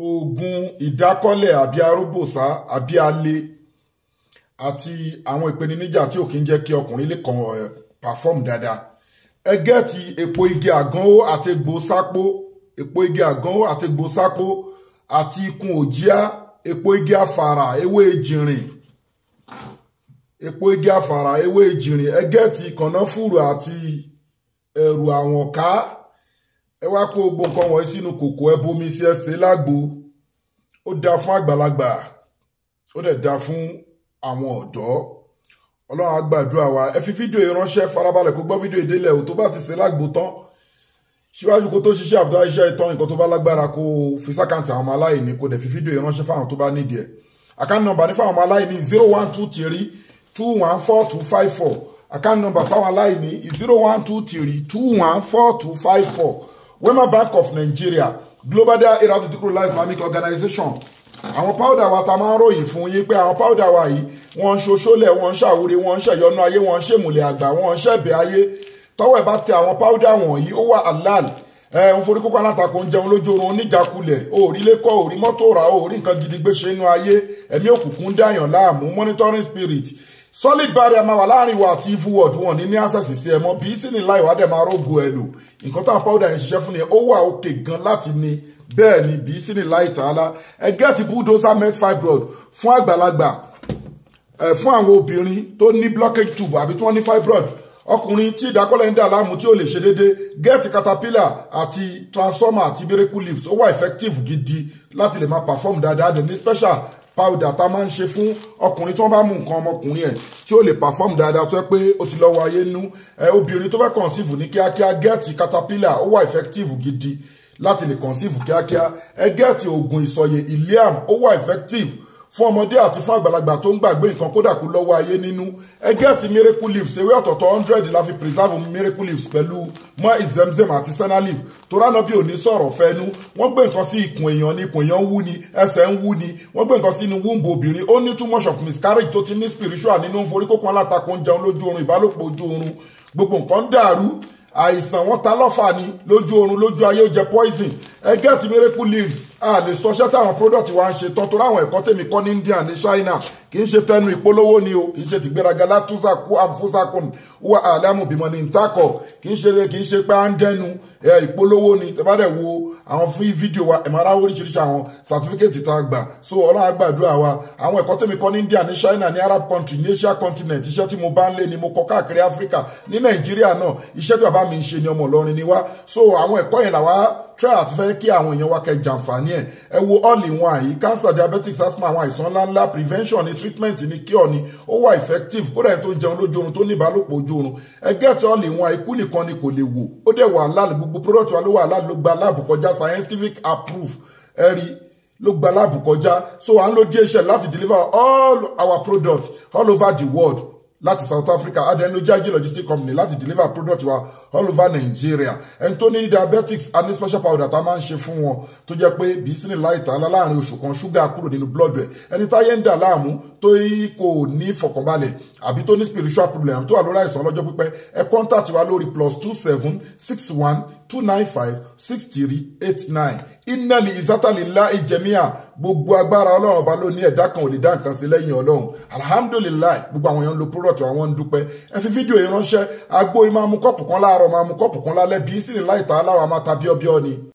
oògùn ìdákọ́lẹ̀ àbí arúbòsá àbí alẹ́ àti àwọn ìpèníjà tí ò kí ń jẹ́ kí ọkùnrin lè kàn eh, perform dáadáa ẹ gẹ́ẹ̀tì èpo igi àgánwó àti egbò sápó èpo igi àgánwó àti egbò sápó àti ikun òjíá èpo igi àfàrà ewé ejìrìn èpo igi àfàrà ewé ejìrìn ẹ gẹ́ẹ̀tì kànáfùrù àti ẹ̀rù àwọn ká ẹ wá kó gbogbo nǹkan wọ̀nyí sínú kòkò ẹ bomi sí ẹsẹ̀ lágbo ó dáa fún àgbàlagbà ó dẹ̀ dáa fún àwọn ọ̀dọ́ ọlọ́run á gbàdúrà wa ẹ fi fídíò yìí ránṣẹ́ farabalẹ̀ kó gbọ́ fídíò ìdílẹ̀ ò tó bá ti ṣe lágbo tán síwájú kó tó ṣiṣẹ́ àbúdá iṣẹ́ ìtàn nǹkan tó bá lágbára kó fi sákàǹtì àwọn ọmọ aláìní kó dẹ̀ fi fídíò yìí ránṣẹ́ fáwọn tó bá nídìí ẹ̀ àkáǹtì nọ́mbà ní fáwọn ọmọ aláìní zero one two three two one four two five four àkáǹtì nọ́mbà fáwọn aláìní zero one two three two one four two five four. Wema Bank of Nigeria Global Dahiratu Dhikrlahi Islamic Organization àwọn powder wa ta máa ń ròyìn fún yín pé àwọn powder wa yìí wọ́n ń ṣoṣólẹ̀ wọ́n ń ṣàwúre wọ́n ń ṣẹ̀yọnú ayé wọ́n ń ṣèmùlẹ̀ àgbà wọ́n ń ṣẹ̀bẹ̀ ayé tọ́wọ́ ẹ̀ bá tẹ àwọn powder wọ̀nyí ó wà halal ẹ ń forí kókó alátakò ń jẹun lójú oorun oníjàkulẹ̀ òòrí lẹ́kọ́ òòrí mọ́tò rà òòrí nǹkan gidi gbéṣe inú ayé ẹ̀mí òkùnkùn dáyàn láàmú monitoring spirit solid barrier máa wà láàrin ìwà àti ifoword wọn ní ní access sí ẹ mọ bí sínú ìlà ìwádẹ máa rógo ẹ lò nǹkan tá a powder yẹn ṣiṣẹ́ fún ni ó wà òkè gan láti ní bẹ́ẹ̀ ni bí sínú ìlà ìtàlá ẹ gẹ́ẹ̀tì bulldozer med fibroid fún àgbàlagbà ẹ fún àwọn obìnrin tó ní blockage tube àbí tí wọ́n ní fibroid ọkùnrin tí ìdákọ́lẹ̀ ń dà láàmú tí ó lè ṣe déédé gẹ́ẹ̀tì caterpillar àti transformer àti miracle leaves ó wà effective gidi láti lè máa perform dáadáa dẹ̀ ní special powder tá a máa ń ṣe fún ọkùnrin tó ń bá mú nǹkan ọmọkùnrin ẹ̀ tí ó lè perform dáadáa tó yẹ pé ó ti lọ́wọ́ ayé nú ẹ obìnrin tó fẹ́ conceive ní kíákíá gẹ́ẹ̀tì caterpillar ó wà effective gidi láti lè conceive kíákíá ẹ gẹ́ẹ̀tì oògùn ìsọyè Iliam ó wà effective fún ọmọdé àti fún àgbàlagbà tó ń gbàgbé nǹkan kódà kó lọ́wọ́ ayé nínú ẹgẹ́ àti miracle leaves ewé ọ̀tọ̀ọ̀tọ̀ hundred la fi preserve miracle leaves pẹ̀lú mọ́ ìzẹ́mzẹ́m àti senna leaf tó ránà bí òní sọ̀rọ̀ fẹ́nu wọ́n gbé nǹkan sí ikùn èèyàn ni ikùn èèyàn ń wú ni ẹsẹ̀ ń wú ni wọ́n gbé nǹkan sínú wúńbù obìnrin ó ní too much of miscarriage tó ti ní spiritual nínú ń forí kókun alátakò ń jẹun lójú oorun ìbálòpọ̀ ojú oorun gbogbo nǹkan dàrú àìsàn wọn ta lọ́fà ni lójú oorun lójú ayé ó jẹ poison ẹgẹ́ àti miracle leaves a lè sọ ṣẹ́ táwọn product wa ń ṣe tán torí àwọn ẹ̀kọ́ tèmi kọ́ ní India ní China kì í ṣe tẹnu ìpolówó ni o kì í ṣe tìgbéraga látúnṣàkó àfúnṣàkùn wà àlámù bímọ ní ntakọ kì í ṣe kì í ṣe pé à ń dẹnu ìpolówó ni tẹ bá dẹ̀ wo àwọn fún fídíò wa ẹ̀mọ́ aráwọ̀ oríṣiríṣi àwọn certificate tá a gbà so ọlọ́run àgbàdúrà wa àwọn ẹ̀kọ́ tèmi kọ́ ní India ní China ní Arab country ní Asia continent iṣẹ́ tí mo bá ń lé ni mo kọ́ káàkiri Africa ní Nàìjíríà náà iṣẹ́ tí bàbá mi ń ṣe ni ọmọ Ìlọrin ni wá so àwọn ẹ̀kọ́ yẹn làwa try àti fẹ́ kí àwọn èèyàn yẹn ẹ wo all in one yìí cancer diabetes, asthma àwọn àìsàn ńláńlá prevention ni treatment ni cure ni ó wà effective kódà ẹni tó ń jẹun lójú oorun tó ní ìbálòpọ̀ ojú oorun ẹ gẹ́ẹ̀tì all in one ikú nìkan ni kò lè wò ó dẹ̀ wà láàlú gbogbo product wa ló wà láàlú ló gba láàbù kọjá scientific approve ẹ rí i ló gba láàbù kọjá so à ń lo DHL láti deliver all our products all over the world láti South Africa adenojagi logistic company láti deliver product wa all over Nigeria ẹni tó ní diabetics a ní special powder tá a máa ń ṣe fún wọn tó jẹ́ pé bísínì láìta láàrin oṣù kan ṣúgà kúrò nínú blood rẹ̀ ẹni táyé ń dà láàmú tó yí kò ní fọkànbalẹ̀ àbí tó ní spiritual problem àbí tó wà lórí àìsàn ọlọ́jọ́ pípẹ́ ẹ contact wa lórí plus two seven six one two nine five six three eight nine innali ìsátàlélá ìjẹmíà gbogbo agbára ọlọ́run ọba ló ní ẹ̀dá kan ò lè dá nǹkan sí lẹ́yìn ọlọ́run alhamdulilayi gbogbo àwọn èèyàn ń lo product àwọn ń dúpẹ́ ẹ fi fídíò yìí ránṣẹ́ agbóyin máa mu kọ́ọ̀pù kan láàárọ̀ máa mu kọ́ọ̀pù kan lálẹ́ bí sí láì ta aláwọ̀ a máa ta bíọ́bíọ́ ni.